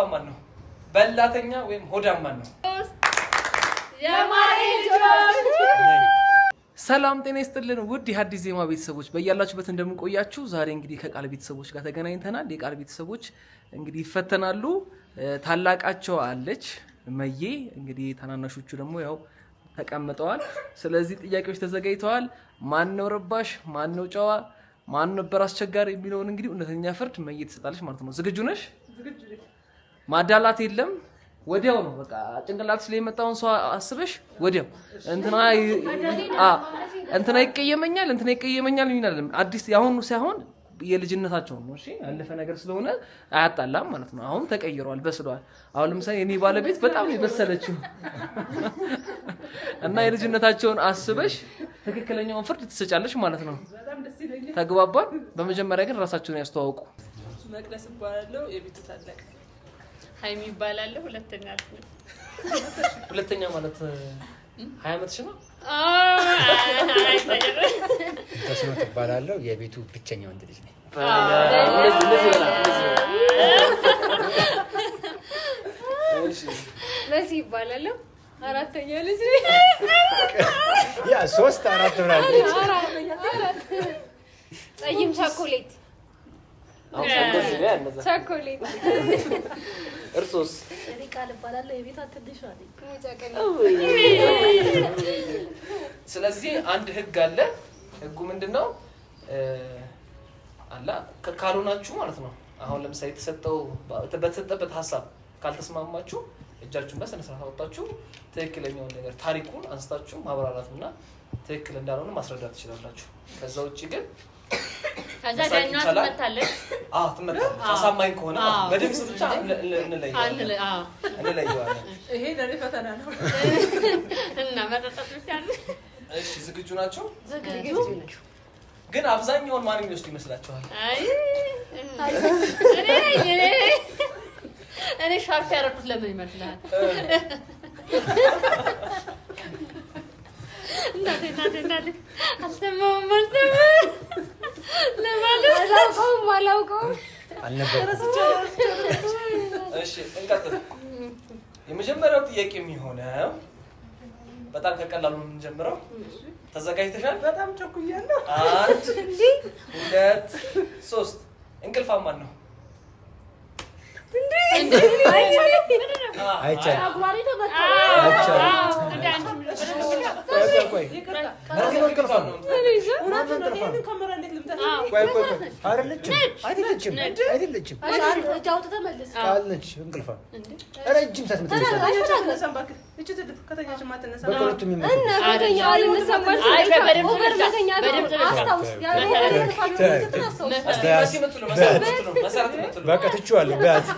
ጠፍጣፋ ማን ነው? በላተኛ ወይም ሆዳም ማን ነው? ሰላም ጤና ይስጥልን ውድ የሀዲስ ዜማ ቤተሰቦች በያላችሁበት እንደምንቆያችሁ። ዛሬ እንግዲህ ከቃል ቤተሰቦች ጋር ተገናኝተናል። የቃል ቤተሰቦች እንግዲህ ይፈተናሉ። ታላቃቸው አለች መዬ፣ እንግዲህ ታናናሾቹ ደግሞ ያው ተቀምጠዋል። ስለዚህ ጥያቄዎች ተዘጋጅተዋል። ማን ነው ረባሽ? ማን ነው ጨዋ? ማን ነበር አስቸጋሪ የሚለውን እንግዲህ እውነተኛ ፍርድ መዬ ትሰጣለች ማለት ነው። ዝግጁ ነሽ? ማዳላት የለም። ወዲያው ነው በቃ ጭንቅላት ላይ የመጣውን ሰው አስበሽ ወዲያው እንትና እንትና ይቀየመኛል እንትና ይቀየመኛል ይላል። አዲስ ያሁኑ ሳይሆን የልጅነታቸው ነው። እሺ ያለፈ ነገር ስለሆነ አያጣላም ማለት ነው። አሁን ተቀይሯል፣ በስሏል። አሁን ለምሳሌ እኔ ባለቤት በጣም የበሰለችው እና የልጅነታቸውን አስበሽ ትክክለኛውን ፍርድ ትሰጫለሽ ማለት ነው። ተግባባን። በመጀመሪያ ግን ራሳቸውን ያስተዋውቁ። መቅደስ እባላለሁ። የቤቱ ታላቅ ሀይሚ ይባላል። ሁለተኛ ሁለተኛ ማለት ሀያ ዓመትሽ ነው። ተስኖ ትባላለሁ። የቤቱ ብቸኛ ወንድ ልጅ ነኝ። መሲ ይባላለሁ። አራተኛ ልጅ ያ ሶስት አራት ብላለች። ጸይም ቻኮሌት ቸኮሌት እርሶስ? እኔ ቃል እባላለሁ የቤቷ ትንሿ ስለዚህ አንድ ህግ አለ። ህጉ ምንድን ነው? አላ ካልሆናችሁ ማለት ነው። አሁን ለምሳሌ የተሰጠው በተሰጠበት ሀሳብ ካልተስማማችሁ እጃችሁን በስነ ስርዓት አወጣችሁ ትክክለኛውን ነገር ታሪኩን አንስታችሁ ማብራራትና ትክክል እንዳልሆነ ማስረዳት ትችላላችሁ። ከዛ ውጭ ግን ከዛ ዳኛዋ ትመታለች። ትመታለች። አሳማኝ ከሆነ በድምፅ ብቻ እንለየዋለን። ይሄ ለእኔ ፈተና ነው እና መጠጠጥ ብቻ እሺ ዝግጁ ናቸው? ዝግጁ ግን አብዛኛውን ማን የሚወስድ ይመስላችኋል? እኔ ሻርፕ ያደረኩት ለምን ይመስላል? የመጀመሪያው ጥያቄ የሚሆነው በጣም ከቀላሉ ነው የምንጀምረው። ተዘጋጅተሻል? በጣም ቸኩያለሁ። አንድ ሁለት ሶስት። እንቅልፋማን ነው በቃ ትችዋለሁ ቢያንስ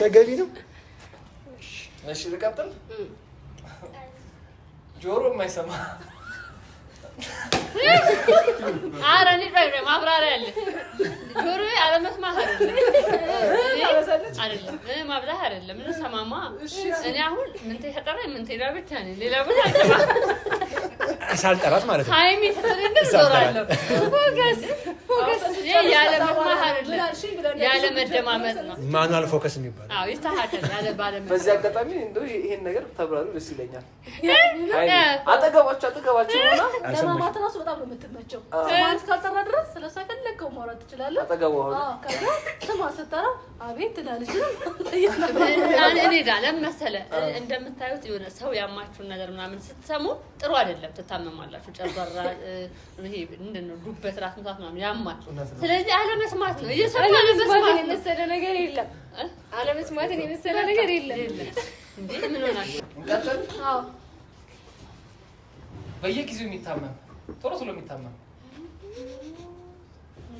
ተገቢ ነው። እሺ ልቀጥል። ጆሮ የማይሰማ ኧረ እኔ ማብራሪያ አለ። ጆሮ አለመስማት አይደለም ማብዛት አይደለም። ሰማማ። እኔ አሁን ምን ተፈጠረ? ምን ሌላ ብቻ ሌላ ሳልጠራት ማለት ነው። ሀይሚ ስትልግል ዞራለሁ። ፎከስ ፎከስ ያለ መደማመጥ ነው። ማኑዋል ፎከስ የሚባል በዚህ አጋጣሚ እንደው ይሄን ነገር ተብራሉ ደስ ይለኛል። አጠገባቸው አጠገባቸው ለማማት እራሱ በጣም ነው የምትመቸው ማለት እችላለሁ። ከዛ ስማ ስጠራው አቤት ትላለች። እኔ ጋር ለምን መሰለህ እንደምታዩት የሆነ ሰው ያማችሁን ነገር ምናምን ስትሰሙ ጥሩ አይደለም፣ ትታመማላችሁ። ጨጓራ ይሄ ምንድን ነው ዱበት፣ ራስ ምታት ምናምን ያማል። ስለዚህ አለመስማት ነው እየሰማ አለመስማት የመሰለ ነገር የለም። አለመስማትን የመሰለ ነገር የለም። ምን ሆናችሁ? በየጊዜው የሚታመም ቶሎ ቶሎ የሚታመም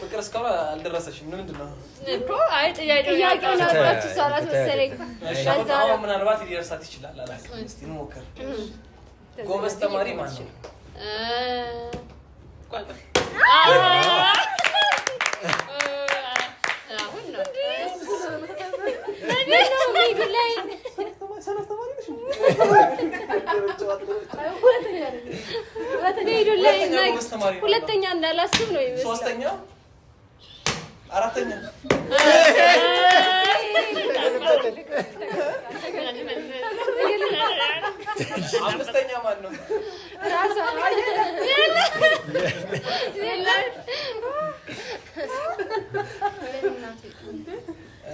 ፍቅር እስካሁን አልደረሰሽም። ምንድን ነው እኮ? አይ ጥያቄው ነበራችሁ እሷ እራሱ መሰለኝ። ምናልባት ሊደርሳት ይችላል። እስኪ እንሞክር። ጎበዝ ተማሪ ማን ነው? አሁን ነው ሁለተኛ እንዳላስብ ነው ሶስተኛ አራተኛ አምስተኛ ማን ነው?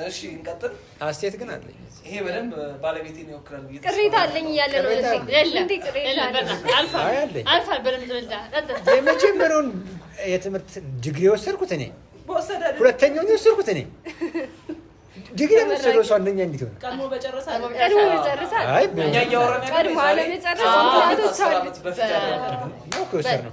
እሺ እንቀጥል። አስቴት ግን አለኝ ይሄ በደንብ ባለቤቴን ይወክላል። ቅሬታ አለኝ እያለ ነው። የመጀመሪያውን የትምህርት ዲግሪ የወሰድኩት እኔ፣ ሁለተኛውን የወሰድኩት እኔ። ዲግሪ የምትሰደው እሱ አንደኛ እንዴት ሆነ? ቀድሞ በጨረሳል። ቀድሞ አለመጨረስ ነው።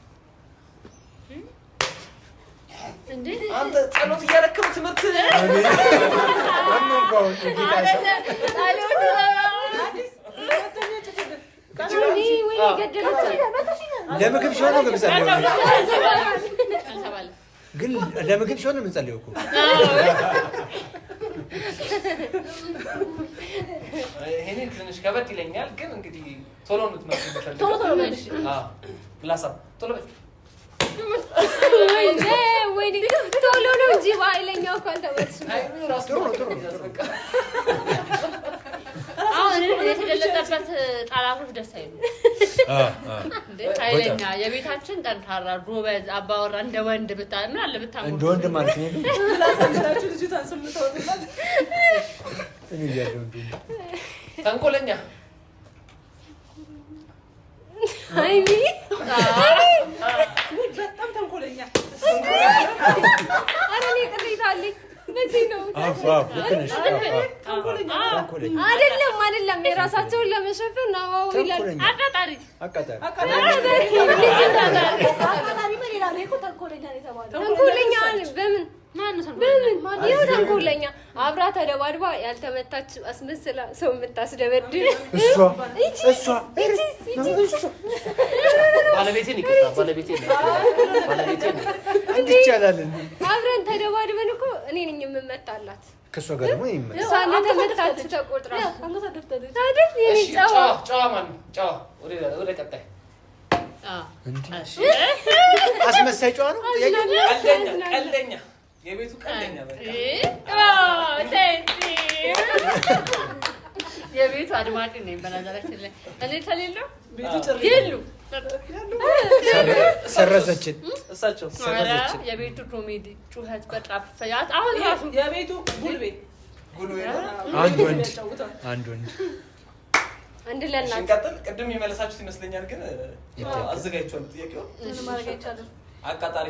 አንተ ጸሎት እያደረክም ትምህርት ለምግብ ሲሆን ነው የምንጸልየው፣ ግን ለምግብ ሲሆን ነው የምንጸልየው እኮ ይሄንን ትንሽ ከበድ ይለኛል። ግን እንግዲህ ቶሎ የምትመልስ ቶሎ ቶሎ ቶሎ ነው የቤታችን ጠንካራ ጎበዝ አባወራ እንደ ወንድ ብታና አለ ብታሞኝ እንደ ወንድ ማለት ነው። ተንኮለኛ አይሚ በጣም ተንኮለኛ ቅሬታ አለኝ። አይደለም፣ አይደለም የራሳቸውን ለመሸፈን ይላል። አቃጣሪ ተንኮለኛ በምን በምን ይኸው ተንኮለኛ አብራ ተደባድባ ያልተመታች አስመስላ ሰው የምታስደበድብ ባለቤቴን ይቅርታ፣ ባለቤቴን ባለቤቴን እንዲቻላል አብረን ተደባድበን እኮ እኔ ነኝ የምመታላት። ከእሷ ጋር ደግሞ አስመሳይ ጨዋ ነው። ቀልደኛ የቤቱ ቀልደኛ የቤቱ አድማጭ ነኝ። በነገራችን ላይ እኔ ከሌለው የሉ ሰረሰችን እሳቸው ሰረሰችን። የቤቱ ኮሜዲ ጩኸት በጣም ፈያት። አሁን ራሱ የቤቱ ጉልቤ አንድ ወንድ አንድ ወንድ አንድ ለና ቅድም የመለሳችሁት ይመስለኛል፣ ግን አዘጋጅቷል ጥያቄው አቃጣሪ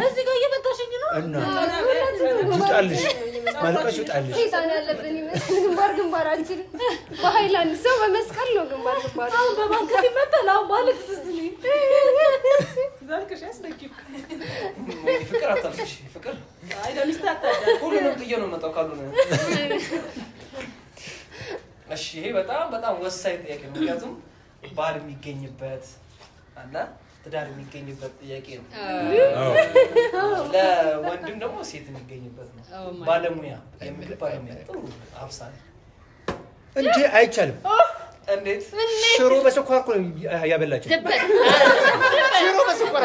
እዚህ ጋር እየመታሽኝ ይውጣልሽ፣ ማልቀስ ይውጣልሽ። ግንባር ግንባር አልችልም። በሀይላንድ ሰው በመስቀል ነው ግንባር ግንባር። አሁን በማንከት ይመታል። አሁን ባልቅስ ፍቅር አታልቅሽ። ሁሉንም ጥዬ ነው መጣው ካሉ እሺ። ይሄ በጣም በጣም ወሳኝ ጥያቄ ምክንያቱም ባል የሚገኝበት አላ ትዳር የሚገኝበት ጥያቄ ነው። ለወንድም ደግሞ ሴት የሚገኝበት ነው። ባለሙያ፣ የምግብ ባለሙያ ጥሩ አብሳል እንጂ አይቻልም። እንዴት ሽሮ በስኳር እኮ ያበላቸው ሽሮ በስኳር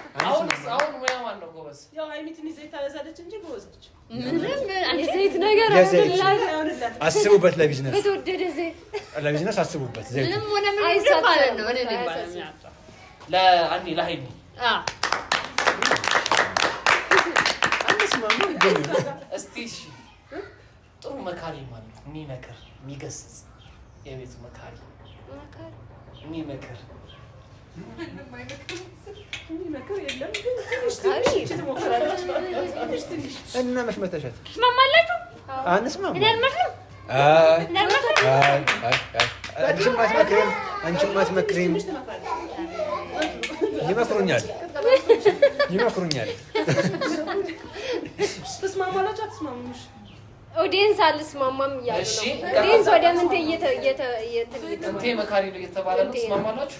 አሁን ሙያ ማን ነው ጎበዝ? ያው አይሚትን ይዘህ ታበዛለች እንጂ ጎበዝ ነች። ምንም ዘይት ነገር አስቡበት። ለቢዝነስ በተወደደ ዘይት ለቢዝነስ አስቡበት። ዘይት ምንም ጥሩ መካሪ ማለት የሚመክር የሚገስጽ የቤት መካሪ የሚመክር እና መች መተሻት ትስማማላችሁ? አንስማማ። አንቺም አትመክሪም። ይመክሩኛል ይመክሩኛል። ኦዲየንስ አልስማማም እያሉ ነው። ኦዲየንስ ወደ ምንቴ እየተባለ ነው። ትስማማላችሁ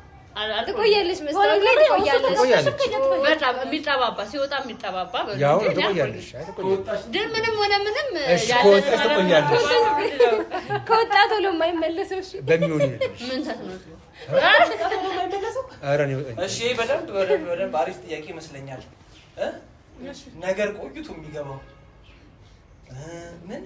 ትቆያለች መስታወት ሲወጣ የሚጠባባ ድን ምንም ሆነ ምንም ከወጣ ቶሎ የማይመለሰው አሪፍ ጥያቄ ይመስለኛል። ነገር ቆይቱ የሚገባው ምን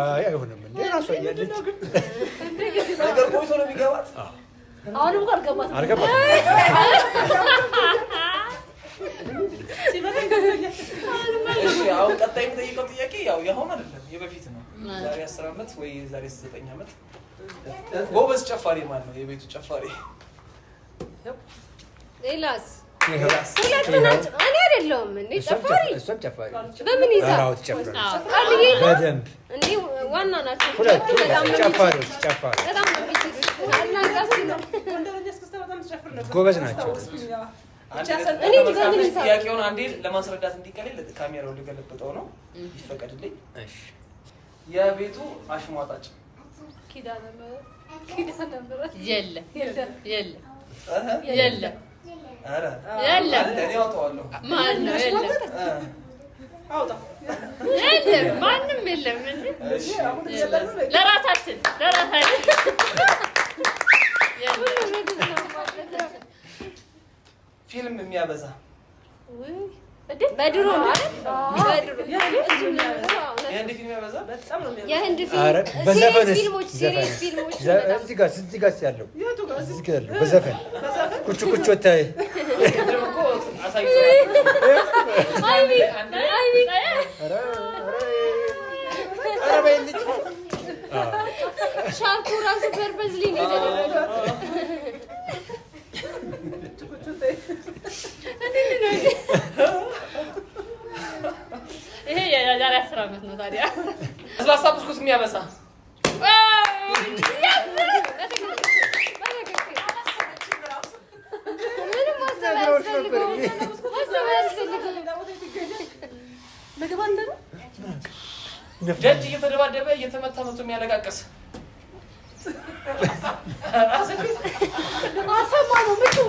አይሆንም። ነገር ቆይቶ ነው የሚገባት አሁንም አሁን ቀጣይ የምጠይቀው ጥያቄ ያው የአሁን አይደለም የበፊት ነው። ዛሬ አስር ዓመት ወይ ዛሬ ዘጠኝ ዓመት ጎበዝ ጨፋሪ ማን ነው? የቤቱ ጨፋሪ ሌላስ ሁለት ናቸው። እኔ አይደለሁም እንዴ ጨፋሪ? በምን ይዛ ዋና ናቸው። ጎበዝ ናቸው። ጥያቄውን አንዴ ለማስረዳት እንዲቀልል ካሜራው ሊገለብጠው ነው። ይፈቀድልኝ። የቤቱ አሽሟጣጭ ማንም የለም። ለራሳችን ለራሳችን የሚያበዛ በድሮ ሻርኩ ራሱ በርበዝሊ ነው የተደረገው። ይሄ የዛሬ አስር ዓመት ነው። ታዲያ ለስላሳ ብስኩት የሚያበሳ ደጅ እየተደባደበ እየተመታ መቶ የሚያለቃቅስ አሰማ ነው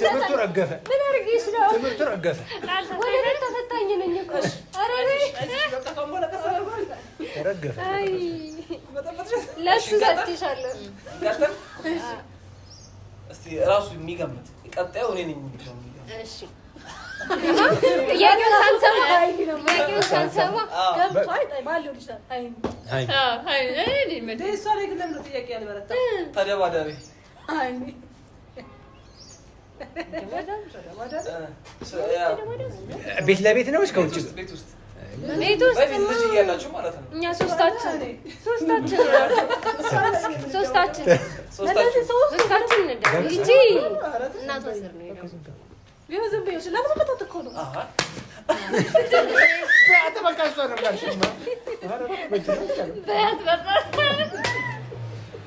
ትምህርቱ ረገፈ። ምን አድርጌሽ ነው? ትምህርቱ ረገፈ። ወደ ቤት ተፈታኝ ነኝ እኮ ረገፈ። ለእሱ ሰጥቼሻለሁ። እራሱ የሚገምት ቀጣዩ እኔ ነኝ። ጥያቄውን ሳንሰማ ገብቶ ተደባዳቢ Aynen. ቤት ለቤት ነው ወይስ ከውጭ? ቤት ውስጥ ልጅ እያላችሁ ማለት ነው። እኛ ሶስታችን ሶስታችን ሶስታችን ሶስታችን እንጂ እናቷ ስር ነው ቢሆን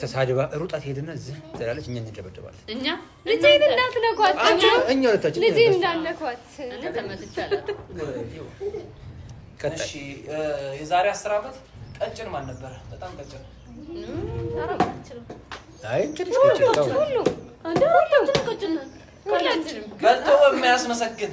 ተሳድባ ሩጣ ትሄድና እዚህ ትላለች። እኛ እንደበደባለን። እኛ ልጄን እንዳትነኳት፣ እኛ ሁለታችን ልጄን እንዳትነኳት። እሺ፣ የዛሬ አስር ዓመት ቀጭን ማን ነበረ? በጣም ቀጭን አይ ትንሽ ቀጭን በልቶ የሚያስመሰግን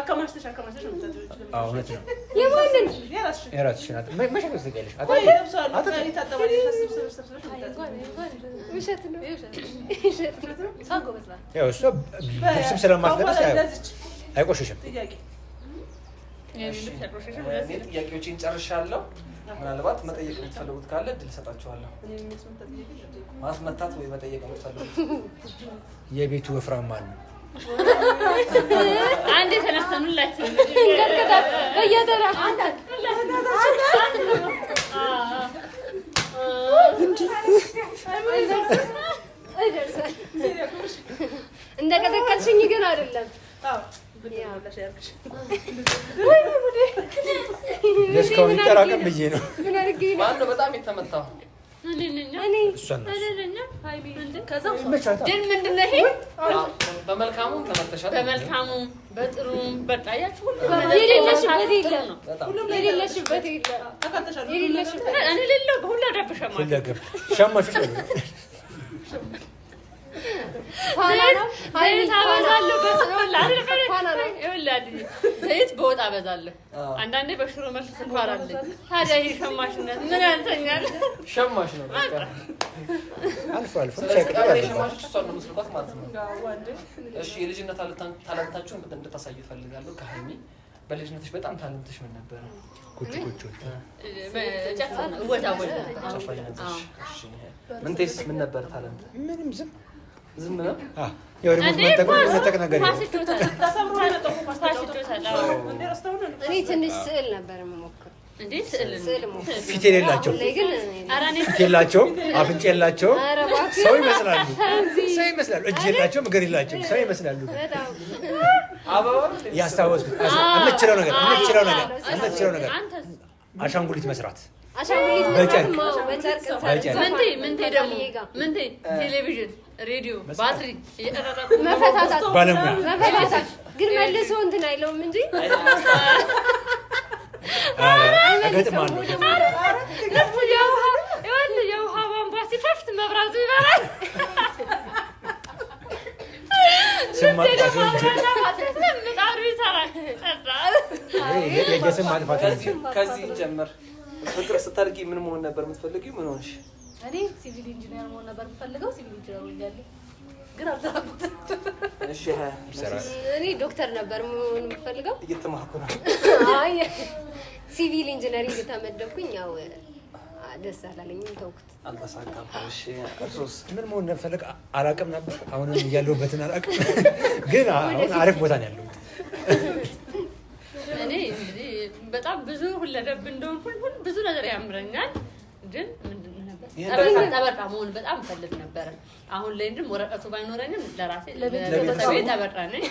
አከማሽተሽ አከማሽተሽ ነው ጥያቄዎችን ጨርሻለሁ። ምናልባት መጠየቅ የምትፈልጉት ካለ እድል ሰጣችኋለሁ። ማስመታት ወይ መጠየቅ የምትፈልጉት የቤቱ ወፍራም አለ አንድ ተነስተን በየተራ እንደ ቀጠቀጥሽኝ ግን አይደለም። እስካሁን ይጠራቀም ብዬ ነው። በጣም የተመታው በመልካሙም ተመተሻል። በመልካሙም በጥሩም በጣያችሁ የሌለሽበት የለም። ሁሉ ዘይት አበዛለሁ ዘይት በወጥ አበዛለሁ። አንዳንዴ በሽሮ መልስ ስኳር አለኝ። ታዲያ ይህ ሸማሽነት ምን ያንሰኛል? ሸማሽ ነው። የልጅነት ታላንታችሁን እንድታሳዩ እፈልጋለሁ። ከሀይሚ በልጅነትሽ በጣም ታለንትሽ ምን ነበረ? ምን ነበር ታለንት? ምንም ዝም ዝም ብለው እኔ ትንሽ ስዕል ነበር የምሞክረው። ፊት የሌላቸው ፊት የላቸው አፍንጫ የላቸው ሰው ይመስላሉ፣ ሰው ይመስላሉ። እጅ የላቸው እግር የላቸው ሰው ይመስላሉ። ያስታወስኩት የምችለው ነገር የምችለው ነገር የምችለው ነገር አሻንጉሊት መስራት ቴሌቪዥን፣ ሬዲዮ፣ ባትሪ መፈታታት እንትን አይለውም እንጂ የውሃ ቧንቧ ሲከፍት መብራቱ ይበራል። ምጣዱ ይሰራል። ከዚህ ጀምር ፍቅር ስታድጊ ምን መሆን ነበር የምትፈልጊው? ምን ሆንሽ? እኔ ሲቪል ኢንጂነር መሆን ነበር የምፈልገው። ሲቪል ኢንጂነር ሆኛለሁ ግን አልተራኩትም። እኔ ዶክተር ነበር መሆን የምፈልገው። እየተማርኩ ነው። አይ ሲቪል ኢንጂነሪንግ ተመደብኩኝ። ያው ደስ አላለኝም፣ ተውኩት። ምን መሆን እንደምፈልግ አላውቅም ነበር። አሁንም ያለሁበትን አላውቅም፣ ግን አሁን አሪፍ ቦታ ነው ያለሁት። እኔ በጣም ብዙ እንደሆንኩኝ ብዙ ነገር ያምረኛል ግን ጠበቃ መሆን በጣም ፈልግ ነበረ። አሁን ላይ ግን ወረቀቱ ባይኖረኝም ለራሴ ጠበቃ ነኝ።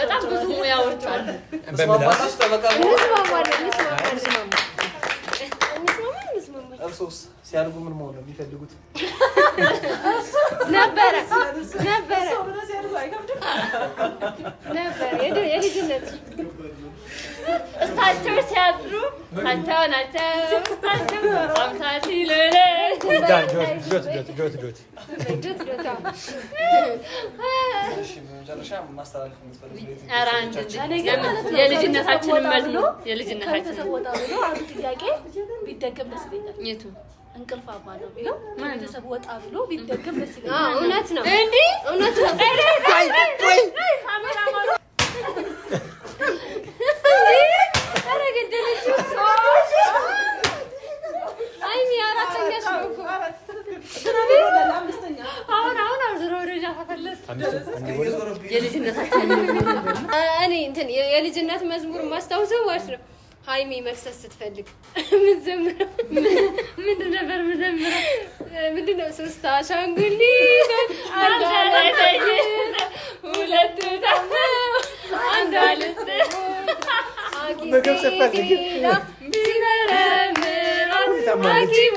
በጣም ብዙ ሙያዎች አሉ። ሲያድጉ ምን መሆን ነው የሚፈልጉት? ነበረ ነበረ ነበረ የልጅነት እሳቸው ሲያድሩ ናቸው ናቸው እሳቸው የልጅነታችንን መዝሙ የልጅነታችንን ጥያቄ ቢደገም ደስ ይለኛል። እንቅልፍ አባ ነው የሚለው ቤተሰብ ወጣ ብሎ ቢደገም ደስ ይለኛል። እውነት ነው እንዲህ እውነት ነው የልጅነት መዝሙር ማስታውሰው ዋሽ ነው። ሀይሚ መክሰስ ስትፈልግ ምን ዘምረው ምንድን ነበር? ምን ዘምረው ምንድን ነው? ሶስት አሻንጉሊት ሁለት አንድ አለት ሲመረምራ አኪሙ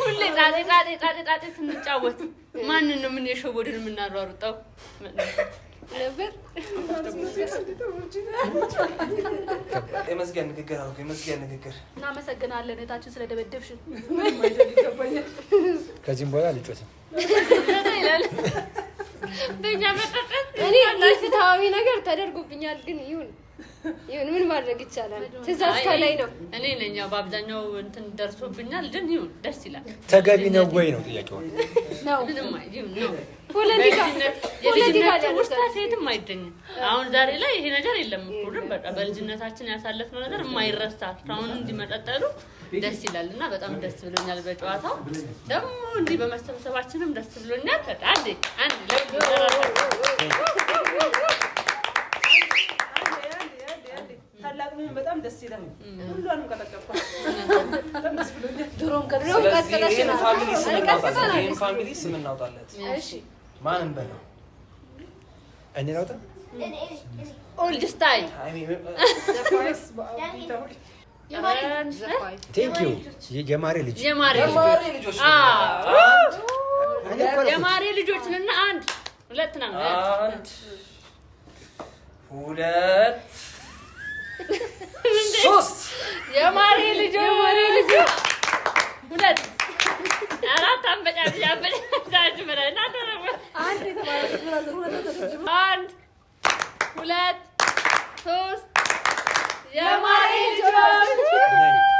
ሁሌ ጣጤ ጣጤ ጣጤ ጣጤ ስንጫወት ማንን ነው ምን የሸወድን የምናሯሩጠው ነበር? የመዝጊያ ንግግር አልኩ። የመዝጊያ ንግግር። እናመሰግናለን እህታችን ስለደበደብሽን። ከዚህም በኋላ አልጮትም ይላል። ፍትሃዊ ነገር ተደርጎብኛል ግን ይሁን ምን ማድረግ ይቻላል። ትእዛዝ ከላይ ነው። እኔ ለኛ በአብዛኛው እንትን ደርሶብኛል፣ ግን ይሁን ደስ ይላል። ተገቢ ነው ወይ ነው ጥያቄው። ፖለቲካፖለቲካውስታሴትም አይደኝም። አሁን ዛሬ ላይ ይሄ ነገር የለም እኮ ግን በቃ በልጅነታችን ያሳለፍነው ነገር የማይረሳ አሁን እንዲመጠጠሉ ደስ ይላል እና በጣም ደስ ብሎኛል። በጨዋታው ደግሞ እንዲህ በመሰብሰባችንም ደስ ብሎኛል። አንዴ አንድ ለ አላቅምህም። በጣም ደስ ይላል። ሁሉንም ቀጠቀጥኳት። ፋሚሊ ስም እናውጣለት። ማንም በለው እኔ ናውጣ የጀማሪ ልጅ የማሬ ልጆችንና አንድ ሁለት ና ሁለት ሶስት የማሬ ልጅ የማሬ ልጅ ሁለት አራት አንድ ሁለት ሶስት የማሬ ልጆች